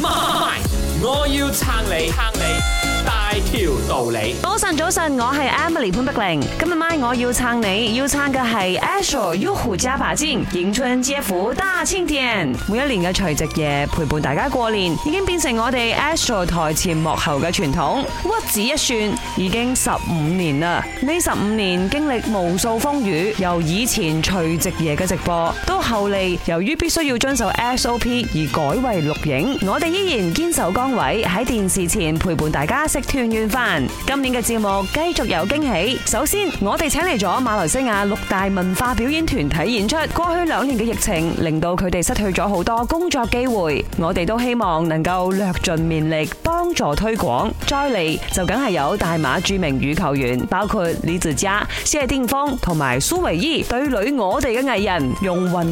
My, 我要撐你，撐你大條道理。早晨，早晨，我係 Emily 潘碧玲。今日晚我要撐你，要撐嘅係 Astro Yahoo Java 尖迎春 JF 大千典。每一年嘅除夕夜陪伴大家過年，已經變成我哋 Astro 台前幕後嘅傳統。屈指一算，已經十五年啦。呢十五年經歷無數風雨，由以前除夕夜嘅直播。都後嚟由於必須要遵守 SOP 而改為錄影，我哋依然堅守崗位，喺電視前陪伴大家食團圓飯。今年嘅節目繼續有驚喜，首先我哋請嚟咗馬來西亞六大文化表演團體演出。過去兩年嘅疫情令到佢哋失去咗好多工作機會，我哋都希望能夠略盡綿力幫助推廣。再嚟就梗係有大馬著名羽球員，包括李子嘉、謝定峰同埋蘇維伊對壘我哋嘅藝人容韻